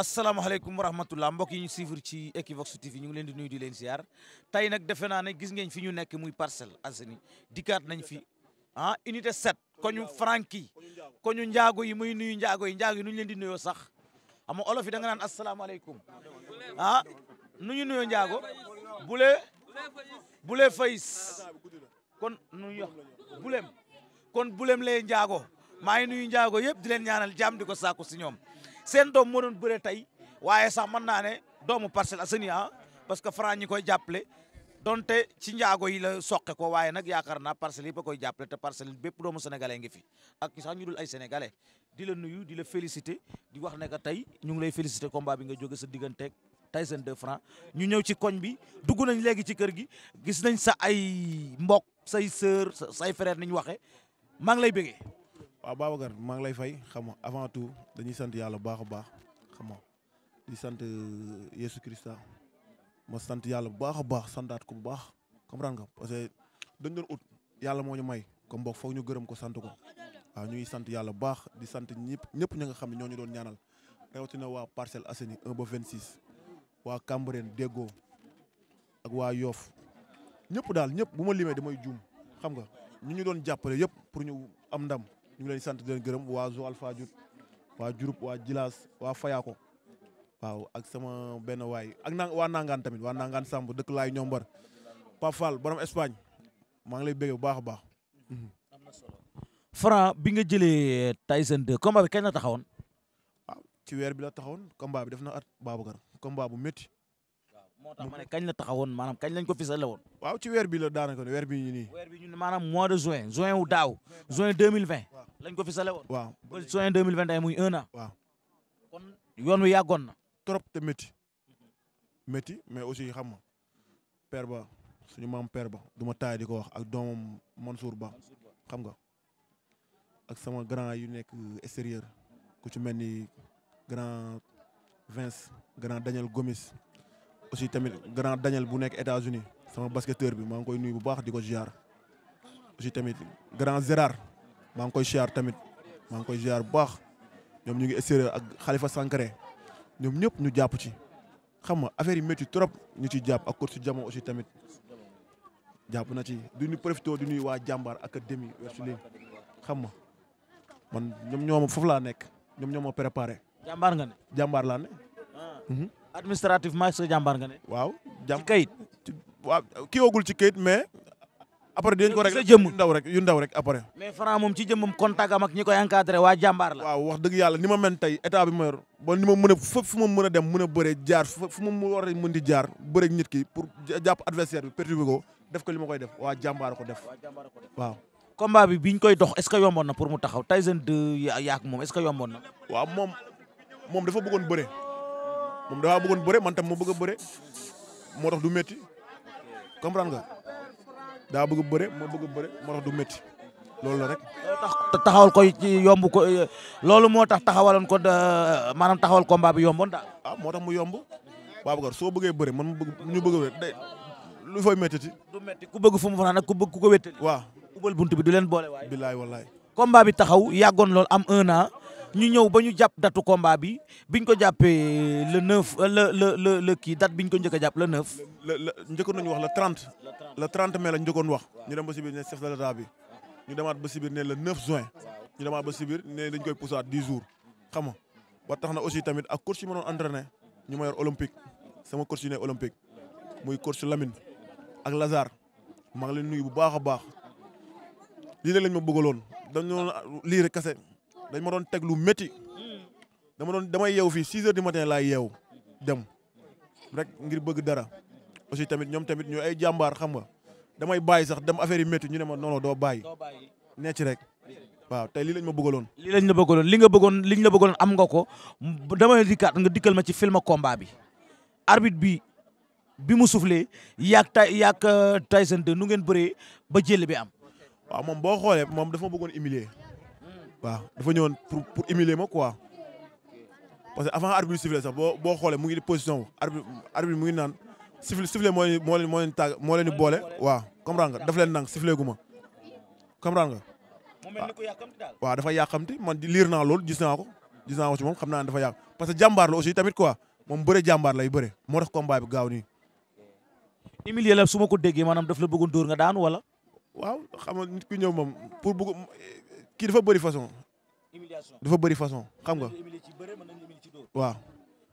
asalaamaaleykum wa rahmatullah mbokk yi ñu suivre ci Equivox TV ñu ngi leen di nuyu di leen ziar tey nag defe naa ne gis ngeen fi ñu nekk muy Parcelles Assainies dikkaat nañ fi ah unité 7 koñu Franky koñu njaago yi muy nuyu njaago yi njaago yi leen di sax ama olof yi da naan asalaamaaleykum ah ñu nuyoo njaago bule bule fayis kon nu yox bulem kon bulem lee njaago maa ngi nuyu njaago yëpp di leen ñaanal jàmm di ko sàkku si ñoom seen doom moo doon bëre tey waaye sax mën naa ne doomu parcel Assainies ah parce que Franc ñi koy jàppale donte ci njaago yi la soqe ko waaye nag yaakaar naa parcelles yëpp a koy jàppale te parcelles bépp doomu sénégalais ngi fi ak sax ñu dul ay sénégalais di la nuyu di la félicité di wax ne que tey ñu ngi lay féliciter combat bi nga jóge sa tey Tyson 2 Franc ñu ñëw ci koñ bi dugg nañ léegi ci kër gi gis nañ sa ay mbok say sœur say frère ni ñu waxee maa ngi lay bëggee. waaw Babacar maa ngi lay fay xam nga avant tout dañuy sant yàlla bu baax a baax xam nga di sant euh, Yesu ma sant yàlla bu baax a baax santaat ko bu baax comprendre nga parce que dañ doon ut yàlla moo ñu may comme boog foog ñu gërëm ko sant ko waaw ñuy sant yàlla bu baax di sant ñëpp ñëpp ña nga xam ne ñoo ñu doon ñaanal rawatina waa Parcelles Assainies 1 ba 26 waa Cambérène Déggo ak waa yoof ñëpp daal ñëpp bu ma limee damay juum xam nga ñu ñu doon jàppale yëpp pour ñu am ndam. ñu ngi leen sant di leen gërëm waa Joal Fadiouth waa Diouroup waa Djilas waa Fayako waaw ak sama benn waay ak na waa Nangaan tamit waa Nangaan Samb dëkk laay ñoom bar Pape Fall borom Espagne maa ngi lay bëgg bu baax a baax. am na solo Franc bi nga jëlee eh, Tyson 2 combat bi kañ la taxawoon. waaw ah, ci weer bi la taxawoon combat bi def na at Babacar combat bu métti. moo tax ma ne kañ la taxawoon ci weer bi la daanaka weer weer bi maanaam mois de juin juin wu daaw juin mille vingt. lañ ko fi sale woon. waaw ba juin deux mille vingt et un muy kon yoon wi yàggoon na. trop te métti métti mais aussi xam nga père ba suñu maam père ba du ma taay di ko wax ak doomam Mansour Ba xam nga ak sama grand yu nekk extérieur ku ci mel ni grand Vince grand Daniel Gomis aussi tamit grand Daniel bu nekk États-Unis sama basketteur bi maa ngi koy nuyu bu baax di ko ziar aussi tamit grand Gérard. maa ngi koy ziar tamit maa ngi koy ziar bu baax ñoom ñu ngi extérieur ak Khalifa Sankaré ñoom ñëpp ñu jàpp ci xam nga affaire yi métti trop ñu ci jàpp ak course jamono aussi tamit jàpp na ci du ñu profité du ñuy waa jàmbaar académie Wrestling xam nga man ñoom ñoom ma foofu laa nekk ñoom ñoo ma jàmbaar nga ne. jàmbaar laa ne. Ah. Mhm. administrativement sa jàmbaar nga ne. waaw jàmm ci kayit. waaw kii woogul ci kayit mais après dinañ ko rek yu ndaw rek yu ndaw rek après. mais Franc moom contact am ñi koy encadré waa jàmbaar la. waaw wax dëgg yàlla ni ma mel tey état bi ma yor ni ma mën a fépp fu a dem mën a bëree jaar fu ma war a mën di jaar bëreeg nit ki pour jàpp adversaire bi perturbé ko def ko li ma koy def waa jàmbaar ko def waaw. combat bi biñ koy dox est ce que yomboon na pour mu taxaw Tyson 2 yaak moom est ce que yomboon waaw moom moom dafa bëggoon bëre moom dafa bëggoon bëre man tam ma bëgg a bëre moo tax du métti comprendre nga. daa bëgg bëre moo bëgg bëre moo tax du métti loolu la rek. tax taxawal ko ci yomb ko loolu moo tax taxawaloon ko da euh, maanaam taxawal combat bi yomboon daal. ah moo tax mu yomb bu Babacar soo bëggee bëre man mu bëgg ñu bëgg a wér day lu fay métti ci. du métti ku bëgg fu mu fanaan nag ku bëgg ku ko wéttali. waaw ubbal bunt bi du leen boole waay. bilaay wallaay. combat bi taxaw yàggoon lool am un ñu ñëw ba ñu jàpp datu combat bi biñ ko jàppee le 9 euh, la le le le kii date biñ ko njëkk a jàpp le 9. le le njëkkoon wax la 30. le 30 mai la njëkkoon wax. ñu dem ba si biir ne chef de l'état ñu demaat ba si biir ne le 9 juin. ñu demaat ba si biir ne dañ koy poussaat 10 jours. xam nga ba tax na aussi tamit ak coach yi ma doon entraîné ñu ma yor olympique sama coach yi ne olympique muy coach Lamine ak Lazare maa ngi leen nuyu bu baax a baax lii rek lañ ma bëggaloon dañu lii rek kese. dañ ma doon teg lu métti dama doon damay yeew fii 6 heures du matin laay yeew dem rek ngir bëgg dara aussi tamit ñoom tamit ñu ay jàmbaar xam nga damay bàyyi sax dem affaire yi métti ñu ne ma non doo bàyyi ne ci rek waaw te lii lañ ma bëggaloon. lii lañ la bëggaloon li nga bëggoon liñ la bëggaloon am nga ko damay dikkaat nga dikkal ma ci film combat bi arbitre bi bi mu soufflé yaag ta yaag euh, Tyson 2 nu ngeen bëree ba jël bi am. waaw moom boo xoolee moom dafa ma bëggoon humilier waaw dafa ñëwoon pour pour humilier ma quoi parce que avant arbitre bi boo boo xoolee mu ngi position arbitre arbitre mu ngi naan sifflé moo leen moo leen moo leen tàgg moo leen boole waaw comprendre nga daf leen nang sifflé gu ma comprendre nga. waaw dafa yàqamti man di liir naa loolu gis naa ko gis naa ko ci moom xam naa ne dafa yàq parce que jàmbaar la aussi tamit quoi moom bëre jàmbaar lay bëre moo tax combat bi gaaw nii. humilier la su ma ko déggee maanaam daf la bëggoon dóor nga daanu wala. waaw xam nga nit moom pour bëgg kii dafa bëri façon. humiliation dafa bëri façon xam nga. waaw.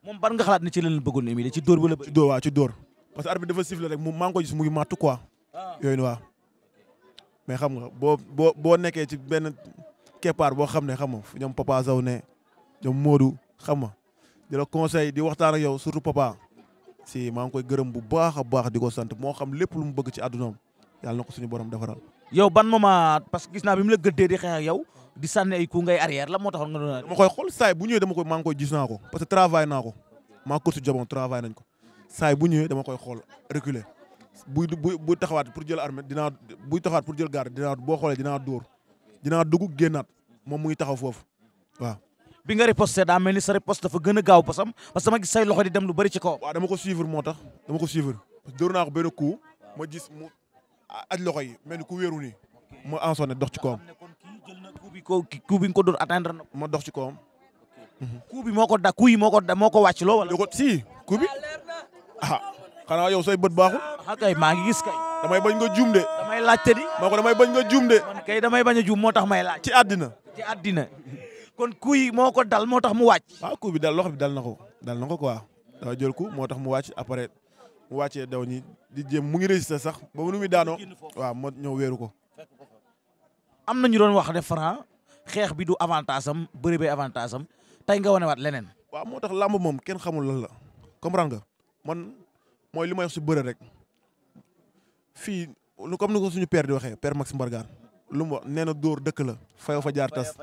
moom ban nga xalaat ne ci lan la bëggoon humilier ci dóor wala bëri. ci dóor waaw ci dóor parce que bi dafa sifflé rek mu maa ngi ko gis mu ngi màttu waa ah. yooyu waaw. mais xam nga boo boo boo nekkee ci benn keppaar boo xam ne xam fu ñam papa saw ne ñoom Modou xam nga di la conseil di waxtaan ak yow surtout papa. si maa ngi koy gërëm bu baax a baax di ko sant moo xam lépp lu mu bëgg ci àddunaam yàlla na ko suñu borom defaral. yow ban moment parce que gis naa bi mu la gëddee di xeex ak yow di sànni ay ku ngay arrière la moo taxoon dama koy xool saay bu ñëwee dama koy maa koy gis naa ko parce que travail naa ko maa course jobon travail nañ ko dama koy xool reculer buy buy buy taxawaat pour jël armée dinaa buy taxawaat pour jël garde dinaa boo xoolee dinaa dóor dinaa dugg génnaat moom mu ngi taxaw foofu waaw. bi nga riposté daa mel ni sa riposte dafa gën a gaaw pasam parce que dem lu bëri ci kaw. waaw ko suivre moo tax ko suivre naa ko benn ma gis mu aj loxo yi mel ni ku wéeru nii. mu ensonné dox ci kawam. ko coup bi nga ko doon atteindre na. ma dox ci kawam. coup bi moo ko da coup yi moo ko da moo ko wàcc loo wala. si coup bi ah xanaa yow say bët baaxul. ah kay maa ngi gis kay. damay bañ nga juum de. damay laajte di. maa ko damay bañ nga juum de. man damay bañ a juum moo tax may laaj. ci àddina. àddina kon kuy moo ko dal moo tax mu wàcc. waaw coup bi dal loxo bi dal na ko dal na ko quoi dafa jël coup moo tax mu wàcc après. mu wàccee daw ñi di jéem mu ngi résister sax ba nu muy daanoo waaw moo ñëw wéeru ko. am na ñu doon wax ne Franc xeex bi du avantage am bëri bee avantage am tey nga wanewaat leneen. waaw moo tax làmb moom kenn xamul lan la comprendre nga man mooy li may wax si bëre rek fii comme ni ko suñu père di waxee père Max Mbargane lu mu wax nee na dëkk la fayoo fa jaar tas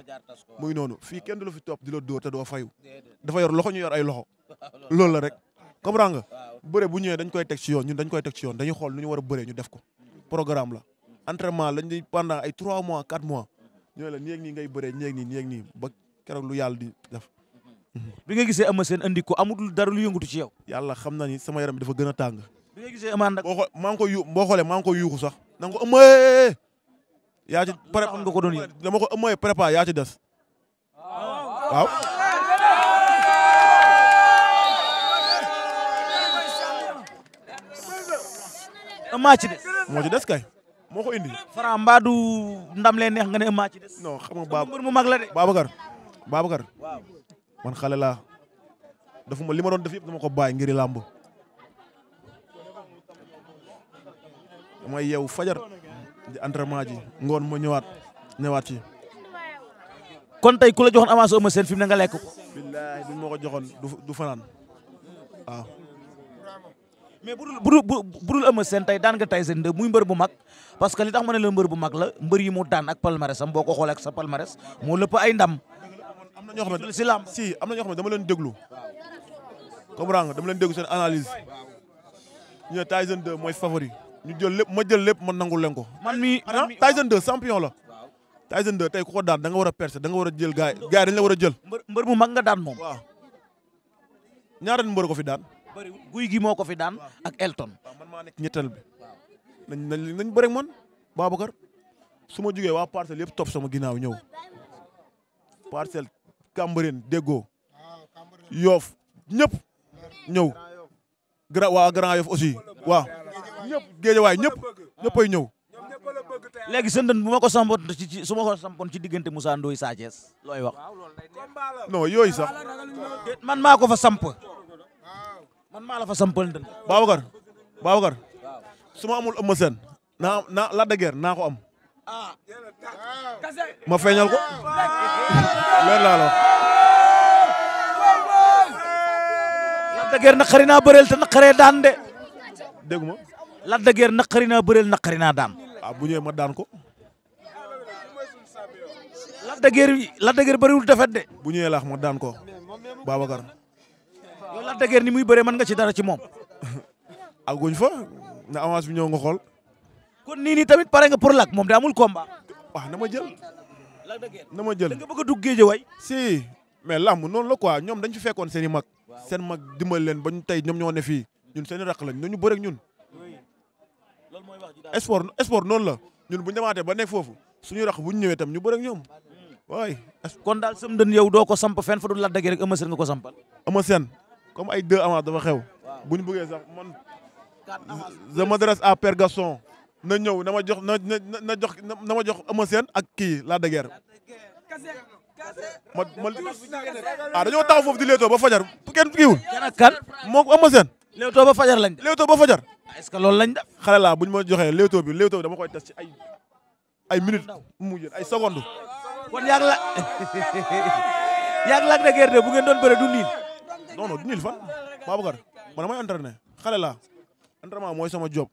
muy noonu fii kenn du la fi topp di la door te doo fayu dafa yor loxo ñu yor ay loxo loolu la rek. comprends nga bëre bu ñëwee dañ koy teg ci yoon ñun dañ koy teg ci yoon dañuy xool lu ñu war a bëree ñu def ko programme la entraînement lañ di pendant ay 3 mois 4 mois ñooy la nii ak nii ngay bëree nii ak nii nii ak nii ba keroog lu yàlla di def. bi nga gisee Eumeu Sène andi ko amul dara lu yëngatu ci yow. yàlla xam na ni sama yaram dafa gën a tàng. bi nga gisee Eumeu ànd ak. yu boo xoolee maa ngi koy yuuxu sax. na nga ko Eumeu. Eh, eh, eh. yaa ci prépa nga ko doon yëg dama ko Eumeu prépa yaa ci des. Ah. waaw. a ci des. moo ci des kay. moo indi. Franc mbaa du ndam lee neex nga ne maa ci des. non xam nga Baab mbër mu mag man xale laa. dafa ma li ma doon def yëpp dama ko bàyyi ngir làmb. damay yeewu fajar. di entraînement ji ngoon ma ñëwaat ñëwaat ci. kon tey ku la joxoon avance Eumeu Sène fi ne nga lekk billaahi bi ma ko joxoon du fanaan mais budul budul budul Eumeu Sène tey daan nga Tyson 2 muy mbër bu mag parce que li tax ma ne la mbër bu mag la mbër yi mu daan ak palmarès am boo ko xoolee ak sa palmarès moo lëpp ay ndam. na ñoo xam ne si lamb si am na ñoo xam ne dama leen déglu. comprends nga dama leen déglu seen analyse. ñu ne Tyson 2 mooy favori. ñu jël lépp ma jël lépp ma nangul leen ko. man mi man mi Tyson 2 champion la. Tyson 2 tey ku ko daan da nga war a percer da nga war a jël gaay gaay dañ la war a jël. mbër bu mag nga daan moom. waaw ñaata mbër ko fi daan. bëriwul guy gi moo ko fi daan ak Elton. waaw man maa nekk ñettal bi. nañ nañ nañ bëri man Babacar su ma jugee waa parcelle yëpp topp sama ginnaaw ñëw parcelle Cambérène déggoo Yoff ñëpp gra waa Grand Yoff aussi waaw ñëpp géejawaay ñëpp ñëppay ñëw. léegi sëndën bu ma ko sampoon ci su ma ko sampoon ci diggante Moussa Ndoye Sa Thiès looy wax. non yooyu sax. man maa ko fa samp. man maa la fa sampal ndënd. Babacar Babacar su ma amul ëmma seen naa naa la de am. ma feeñal ko. leer laa la Lac de Guiers naqari daan de. dégg ma. Lac de Guiers naqari naa bëreel daan. ah ma daan ko. Lac de Guiers Lac de Guiers defet de. bu laax ma daan ko Babacar. yow Lac de ni muy bëree man nga ci dara ci moom. aguñ fa na avance bi ñëw nga xool. kon nii nii tamit pare nga pour Lac moom daa amul combat. waaw na ma jël. Lac de Guiers na ma jël nga bëgg a dugg géej waay. si mais làmb noonu la quoi ñoom dañ fi fekkoon seen i mag. seen mag dimbali leen ba ñu ñom ñoom ñoo ne fii ñun seen i raq lañ ñu bëreeg ñun. sport sport noonu la ñun bu ñu ba nekk foofu suñu raq bu ñu ñëwee tam ñu bëreeg ñoom hmm. waaye. kon daal sëm dën yow doo ko samp fenn fa du Lac de Guiers rek Eumeu Sène nga ko sampal. Eumeu Sène comme ay deux avance dafa xew. bu ñu bëggee sax man. je m'adresse à Père Gaston. na ñëw na ma jox na na jox na ma jox Eumeu Sène ak kii Lac de Guiers. ma ma ah dañoo taxaw foofu di leetoo ba fajar kenn kiiwul. kenn ak kan moo ko Eumeu Sène. leetoo ba fajar lañ def leetoo ba fajar. Ah, est-ce que loolu lañ def. bu ñu ma joxee leetoo bi leetoo dama koy test ci ay ay minutes mu jël ay secondes. kon yaa ngi de Guiers de bu ngeen du niin. non non nil fan Babacar man damay entraîné xale laa entraînement mooy sama job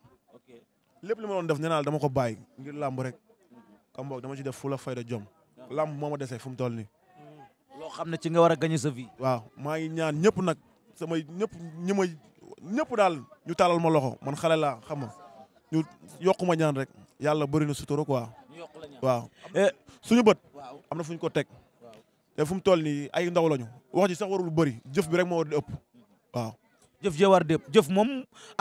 lépp li ma def nee dama ko bàyyi ngir làmb rek kam dama ci def fu la fayda jom làmb moo ma dese fu mu toll nii loo xam ne ci nga war a sa vie waaw maa ngi ñaan ñëpp nag sama ñëpp ñi ñëpp daal ñu tàllal ma loxo man xale laa xam ma ñu yokku ma ñaan rek yàlla bëri na sutura quoi waaw eh. suñu bët am na fuñ ko teg te fu mu toll nii ay ndaw lañu wax ji sax warul bëri jëf bi rek moo war di ëpp waaw. jëf jee war dépp jëf moom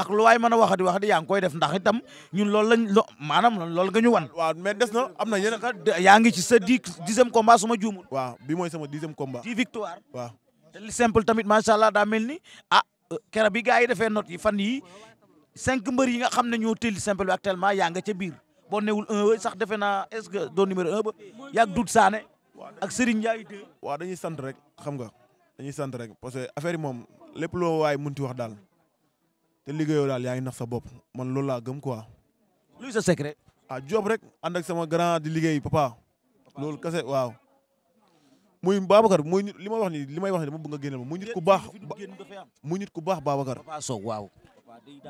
ak lu waay mën a wax di yaa koy def ndax itam ñun loolu lañ lo maanaam loolu nga wan. waaw mais des na am na yeneen. yaa ngi ci sa dix dixième combat su ma juumul. waaw bi mooy sama dixième combat. dix victoire waaw. te li simple tamit macha allah daa mel ni ah euh, keroog bi gars yi defee yi fan yi cinq mbër yi nga ne ñoo teel simple bi actuellement yaa nga biir boo newul un sax defe ak Serigne Ndiaye de. dañuy sant rek xam nga dañuy sant rek parce que yi moom lépp loo waaye munti wax daal te liggéeyoo daal yaa ngi nax sa bopp man loolu laa gëm quoi. luy sa secret. ah rek ànd ak sama grand di liggéey papa. loolu kase waaw. muy Babacar muy li ma wax ni li may wax ni dama nga génneel ma muy nit ku baax muy nit ku baax Babacar. Papa Sow waaw.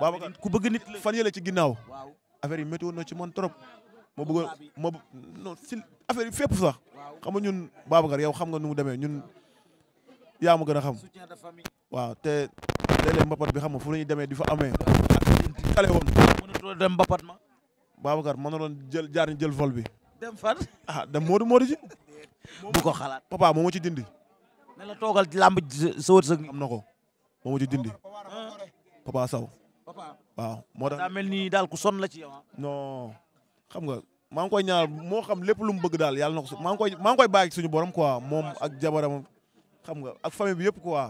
Babacar ku bëgg nit fan yële ci ginnaaw. affaire yi météo na ci man trop. ma bëggoon moo non si affaire yi fépp sax xam nga ñun Babacar yow xam nga nu mu demee ñun yaa ma gën a xam waaw te léeg-léeg bi xam nga fu ñuy demee di fa amee ak kale woon mënatoo dem mbapat ma Babacar mën na doon jël jaar jël vol bi dem fan ah dem Modou ji bu ko xalaat papa moo ma ci dindi ne la toogal ci làmb sa wërsëg am na ko moo ci dindi ah. papa saw waaw moo tax mel ni daal ku sonn la ci yow ah. non xam nga maa ngi koy ñaar moo xam lépp lu mu bëgg daal yàlla na ko su maa ngi koy maa ngi suñu borom quoi moom ak jabaram xam nga ak famille bi yëpp quoi.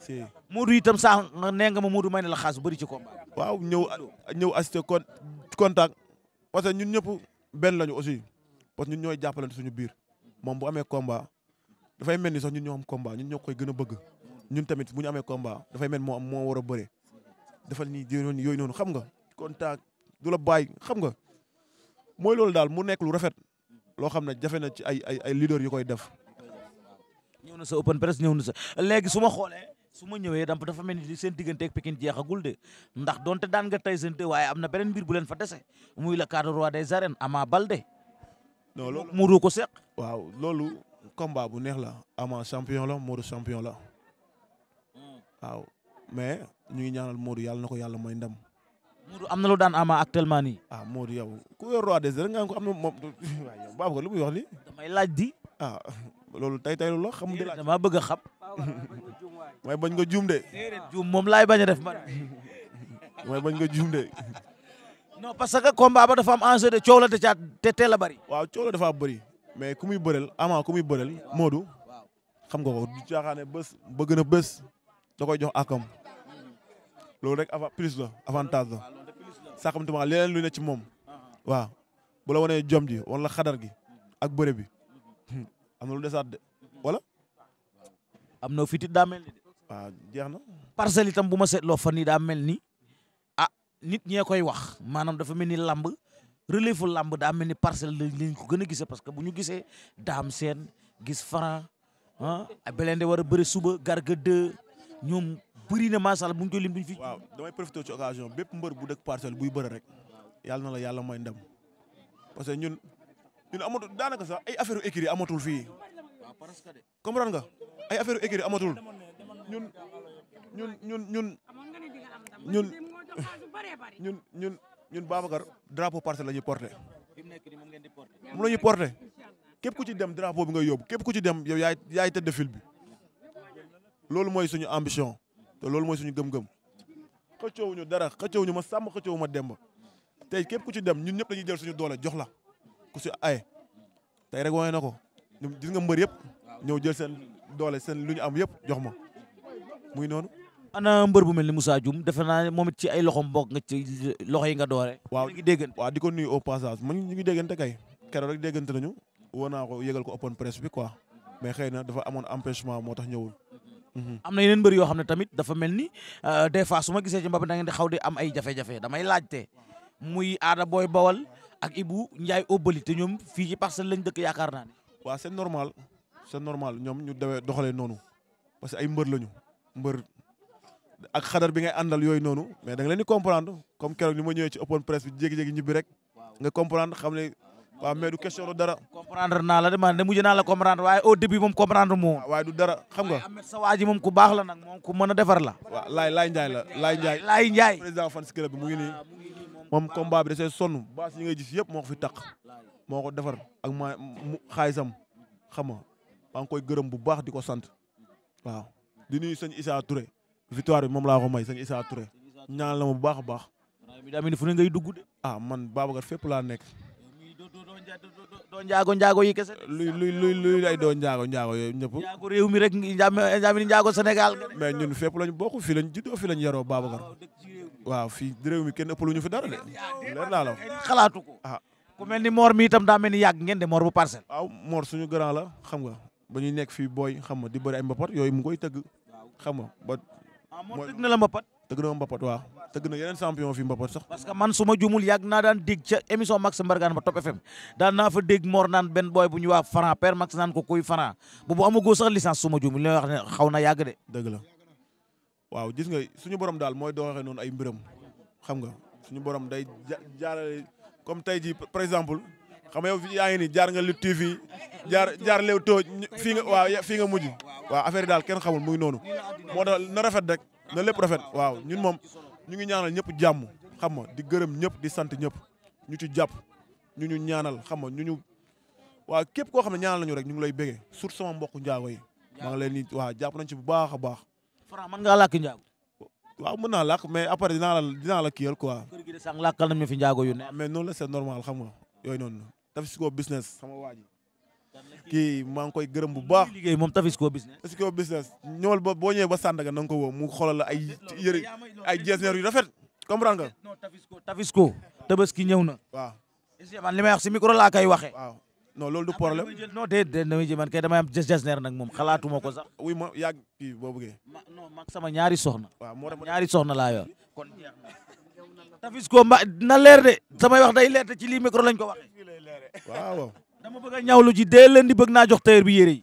si Modou itam sax nee nga ma Modou may na la xaas bu bëri ci combat. waaw ñëw ñëw assister con contact parce que ñun ñëpp benn lañu aussi parce que ñun ñooy suñu biir moom bu amee combat dafay mel ni sax ñun ñoo am ñoo koy gën a bëgg ñun tamit bu ñu amee combat dafay mel moo moo war a bëre defal ni yooyu noonu xam nga contact du la bàyyi xam nga. mooy loolu daal mu nekk lu rafet loo xam ne jafe na ci ay ay ay leader yu koy def. ñëw na sa open press ñëw na sa léegi su ma xoolee su ma ñëwee dafa mel ni seen diggante ak Pikine jeexagul de ndax donte daan nga tey seen waaye am na beneen mbir bu leen fa dese muy le cadre roi des arènes Ama Baldé. non loolu Modou ko seq. waaw loolu combat bu neex la Ama champion la Modou champion la hmm. waaw mais ñu ngi ñaanal Modou yàlla na ko yàlla may ndam. Modou am na lu daan ama actuellement nii. ah Modou yow ku yor a des arènes nga ko am na moom waaye yow lu muy wax nii. damay laaj di. Ah, loolu tay tay lu la xam. déedéet damaa bëgg xam. mooy bañ nga juum de. juum moom laay bañ a def man. mooy bañ nga juum de. non parce que combat ba dafa am enjeu de coow la caat te teel a bëri. waaw coow la dafa bëri mais ku muy bëreel ama ku muy bëreel Modou xam nga ko du caaxaane bés bëgg na bés da koy jox akam loolu rek avant plus la avantage la. saxamtuma leneen lu ne ci moom waaw bu la wanee jom ji wala xadar gi ak bëre bi hmm, am na lu desaat de wala. am na fitit daa mel ni de. waaw na. parcelle itam bu ma seetloo fan yii daa mel ni ah nit ñee koy wax maanaam dafa mel ni làmb relève lamb daa mel ni parcelle lañ ko gën a gisee parce que bu ñu gisee daam seen gis Franc ah Belende war a suba Garga 2 bëri na macha allah bu ñu koy lim duñ fi. waaw damay profité ci occasion bépp mbër bu dëkk parcelle buy bëri rek yàlla na la yàlla mooy ndam parce que ñun ñun amatul daanaka sax ay affaire écrit amatul fii comprendre nga ay affaire écrit amatul ñun ñun ñun ñun ñun ñun ñun ñun Babacar drapeau parcelle la ñuy porté moom la ñuy porté képp ku ci dem drapeau bi nga yóbbu képp ku ci dem yow yaay yaay tëdd fil bi loolu mooy suñu ambition te loolu mooy suñu gëm-gëm xëccoowuñu dara xëccoowuñu ma sàmm xëccoowu ma demba tey képp ku ci dem ñun ñëpp dañuy jël suñu doole jox la ku si ay tey rek wane na ko ñun gis nga mbër yëpp ñëw jël seen doole seen lu ñu am yëpp jox ma muy noonu. ana mbër bu mel ni Moussa Dioum defe naa moom ci ay loxo mbokk nga ci loxo yi nga doore. waaw ngi déggante waaw di ko nuyu au passage man ñu ngi déggante kay keroog rek déggante nañu woo naa ko yëgal ko open presse bi quoi mais xëy na dafa amoon empêchement moo tax ñëwul. am na yeneen mbër yoo xam ne tamit dafa mel ni euh, des fois ma gisee ci mbapat da ngeen di xaw di am ay jafe-jafe damay laajte muy aada booy bawal ak Ibou Ndiaye Obali te ñoom fii ci parcelle lañ dëkk yaakaar naa ne. waaw c'est normal c'est normal ñoom ñu dawee doxalee noonu parce que ay mbër lañu mbër ak xadar bi ngay àndal yooyu noonu mais da nga leen di comprendre comme keroog ni ma ñëwee ci open presse bi jékki ñibbi rek nga comprendre xam ne waaw mais du question du dara. comprendre naa la de man de mujj naa la comprendre waaye au début moom comprendre moo. waaye du dara xam nga. waa ji moom ku baax la nag moom ku mën a defar la. waaw Laye Laye Ndiaye la Laye Ndiaye. Laye Ndiaye président fan club bi mu ngi nii moom combat bi da see sonn baas yi ngay gis yëpp moo ko fi taq moo ko defar ak ma xaalisam xam nga maa ngi koy gërëm bu baax di ko sant waaw. di nuyu sëñ Issa Touré victoire bi moom laa ko may sëñ Issa Touré ñaan la ma bu baax a baax. daa mel ni fu ne ngay dugg de. ah man Babacar fépp laa nekk. doo njaago njaago yi kese. luy luy luy luy doo njaago njaago yooyu njaago réew mi rek njaamin njaago Sénégal. mais ñun fépp lañ bokk fii lañ juddoo fii lañ yaroo Babacar. waaw fii réew mi kenn ëppaluñu fi dara de. leer naa xalaatu ah ku mel ni Mor mi itam daa mel ni yàgg ngeen de Mor bu parcelle. waaw Mor suñu grand la xam nga ba ñuy nekk fii booy xam nga di bëri ay mbapat yooyu mu koy tëgg xam nga ba. ah tëgg na la mbapat. tëgg na mbapat waaw tëgg na yeneen champion fi mbapat sax. parce que man su ma jumul yàgg naa daan dégg ca émission Max Mbargane ba Top FM daan naa fa dégg Mor naan benn booy bu ñu waa Max naan ko kuy Franc boobu amagoo sax licence su ma jumul li ne xaw na yàgg de. dëgg la waaw gis nga suñu borom daal mooy doxee noonu ay mbiram xam nga suñu borom day jaarale comme tey jii par exemple xam nga yow yaa ngi ni jaar nga Lutte TV jaar jaar Leewtoo fii nga waaw fii nga mujj waaw affaire daal kenn xamul muy noonu moo tax na rafet rek. na lépp rafet waaw ñun moom ñu ngi ñaanal ñëpp jàmm xam nga di gërëm ñëpp di sant ñëpp ñu ci jàpp ñu ñu ñaanal xam nga ñu ñu waaw képp koo xam ne ñaanal nañu rek ñu ngi lay bégee sur sama mbokku njaago yi maa ngi leen di waaw jàpp nañ ci bu baax a baax. Franc mën ngaa làkk njaago. waaw mën naa làkk mais après dinaa la dinaa la kiyal quoi. kër gi na sànq fi njaago yu ne. Ah, mais noonu la c'est normal xam nga yooyu noonu. daf si ko business sama waa ji kii maa ngi koy gërëm bu baax. liggéey moom Tafisco business. Tafisco business ñëwal boo ñëwee ba Sandaga na nga ko woo mu xoolal ay yëri ay jeesneer yu rafet comprendre nga. non Tafisco tabaski ñëw na. waaw. man li ma yàgg kii boo bëggee. ma non mag sama ñaari soxna. waaw moo tax ñaari soxna laa yor kon. na leer de samay wax day leer te ci lii micro lañ ko waxee. dama bëgg a ñawlu ji dee leen di bëgg naa jox tailleur bi yére yi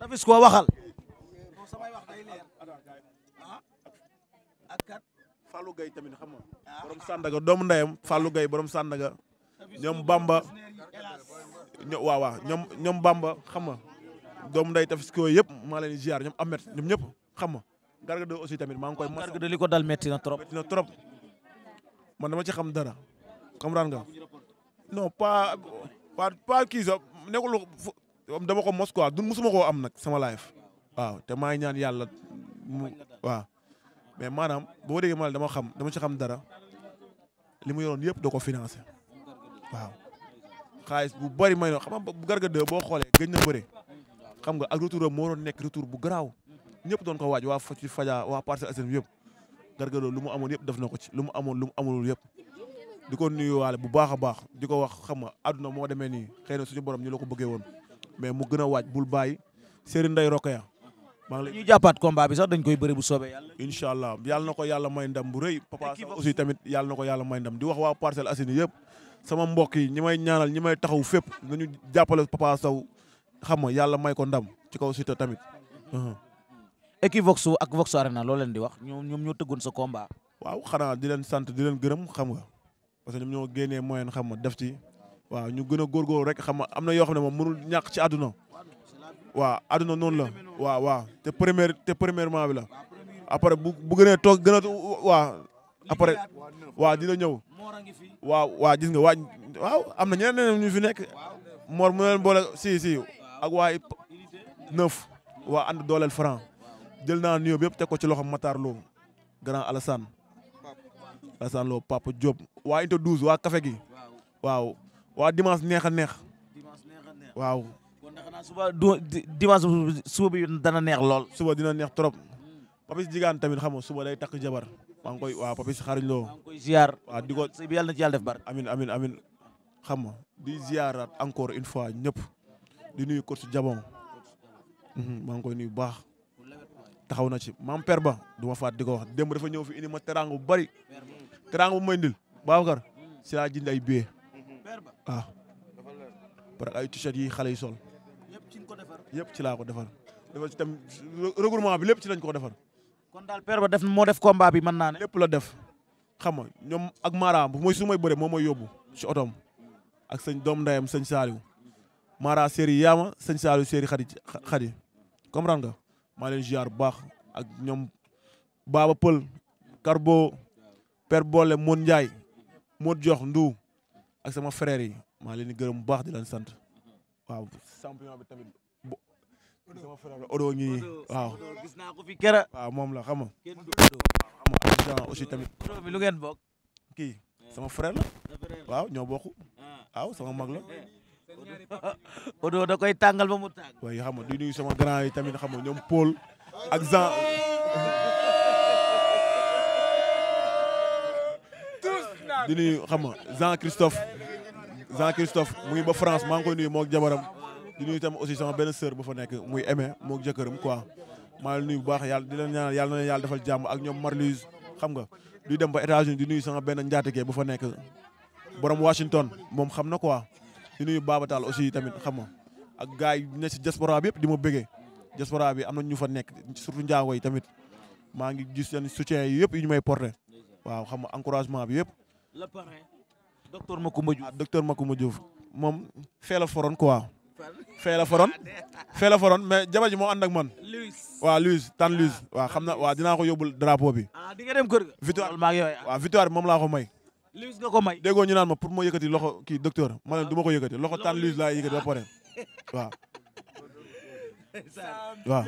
dafis ko waxal samay wax day leer ah. ak kat Fallou Gueye tamit xam nga ah. borom Sandaga doomu ndeyam Fallou Gueye borom Sandaga ñoom Bamba ño waaw waaw ñoom ñoom Bamba xam nga doomu ndey tafis ko yëpp maa leen di ziar ñoom Amet ñoom ñëpp xam nga garga de aussi tamit maa ngi koy garga de ko dal metti na trop metti na trop man ci xam dara comprendre nga waaw pas kii dama ko mos quoi du mosuma koo am nag sama life waaw te maa ngi ñaan yàlla mu waaw mais maanaam boo déggee ma dama xam dama ci xam dara li mu yoroon yëpp da ko financé waaw xaalis bu bari may no xam bu garga de boo xoolee gëj na bëre xam nga ak retour am moo roon nekk retour bu garaaw ñëpp doon ko waaj waa ci faja waa Parcelles Assainies yëpp garga de lu mu amoon yëpp def na ko ci lu mu amoon lu mu amulul yëpp di ko nuyuwaale bu baax a baax di ko wax xam nga àdduna moo demee nii xëy suñu borom ñu la ko bëggee woon mais mu gën a waaj bul bàyyi Serigne Ndeye Rokhaya maa ngi lay ñu jàppaat combat bi sax dañ koy bëri bu soobee yàlla. incha allah yàlla na ko yàlla may ndam bu rëy. papa aussi tamit yàlla na ko yàlla may ndam di wax waa Parcelles Assainies yëpp. sama mbokk yi ñi may ñaanal ñi may taxaw fépp ñu jàppale papa Sow xam nga yàlla may ko ndam ci kaw Siteu tamit. Equivox ak Vox Arena loo leen di wax ñoom ñoom ñoo tëggoon sa combat. waaw xanaa di leen sant di leen gërëm xam nga parce que ñoom ñoo génnee moyen xam ma def ci waaw ñu gën a góorgóorlu rek xam ma am na yoo xam ne moom mënul ñàkk ci àdduna waaw àdduna noonu la waaw waaw te première te premièrement bi la après bu bu gënee toog gën a waaw après waaw dina ñëw waaw waaw gis nga waa waaw am na ñeneen ñu fi nekk Mor mu leen boole si ak waa neuf waa ànd dooleel franc jël naa nuyoo bi yëpp teg ko ci loxo Matar Lo grand Alassane Alassane Lo Papa Diop waa Inter 12 waa café gi waaw waa dimanche neex a neex waaw suba dimanche suba bi dana neex lool suba dina neex trop hmm. papis jigaan tamit xam nga suba day takk jabar maa koy waaw papis xariñ loo maa ngi koy ziar waaw di ko yàlla na ci yàlla bar amin amin amin xam nga di encore une fois ñëpp di nuyu coach jabon mhm, maa ngi koy nuyu baax taxaw na ci maam père ba du ma faat di ko ñëw fi indi ma teraanga bu bari teraanga bu may ndil Babacar si laa jënd ay billets waaw parce ay t yi xale yi sol yëpp ci ko defar dafa ci tam regroupement bi lépp ci lañ ko defar. kon daal père def moo def combat bi mën naa ne. lépp la def xam nga ñoom ak Mara mooy su may moo may yóbbu si otoom ak sëñ doom ndeyam sëñ Saliou Mara séeri yaama sëñ Saliou séeri xadi xadi comprendre maa leen ziar bu baax ak ñoom Baba Pël Carbo. Père Bolle Mon njaay Mod Jox Ndu ak sama frère yi maa leen di gërëm bu baax di leen sant waaw bi tamit sama frère la Odo ngi waaw moom la xam nga xam nga tamit lu ngeen bokk kii sama frère la waaw ñoo bokk ah. waaw sama mag la eh, Odo da koy tàngal ba mu tàng waaye xam nga di nuyu sama grand yi tamit xam ñoom Paul ak Jean di nuyu xam nga Jean Christophe Jean Christophe mu ngi ba France maa ngi koy nuyu moog jabaram di nuyu tam aussi sama benn sœur bu fa nekk muy Aimé moog jëkkëram quoi maa ngi nuyu bu baax yàlla di leen ñaanal yàlla na leen yàlla defal jàmm ak ñoom Marlise xam nga di dem ba États-Unis di nuyu sama benn njaatige bu fa nekk borom Washington moom xam na quoi di nuyu Babatal aussi tamit xam nga ak gars yi ne si diaspora bi yëpp di ma bëggee diaspora bi am na ñu fa nekk surtout njaago yi tamit maa ngi gis seen soutien yi yëpp yu ñu may porté waaw nga encouragement bi yëpp le parrain docteur Macoumba Diouf. ah docteur Macoumba Diouf moom fee la foroon quoi. fee foron foroon fee la foroon mais jabar ji moo ànd ak man. Luis waaw Luis tan ah. waa xam na waaw dinaa ko yóbbul drapeau bi. ah nga dem kër ga. victoire waaw victoire moom laa ko may. Luis nga ko may. ñu naan ma pour ma yëkkati loxo kii docteur ma ne ah. du ma ko yëkkati loxo tan Luis laa yëkkati ba pare waaw. waaw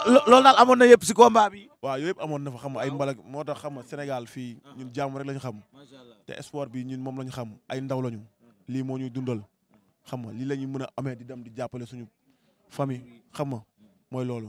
loolu daal amoon na yëpp si combat bi. waaw yooyu yëpp amoon na fa xam ay mbalak moo tax xam Sénégal fii ah. ñun jàmm rek lañu xam te sport bi ñun moom lañu xam ay ndaw lañu mm-hmm. lii moo ñuy dundal xam nga lii lañuy ñuy mën a amee di dem di jàppale suñu fami xam nga mooy loolu.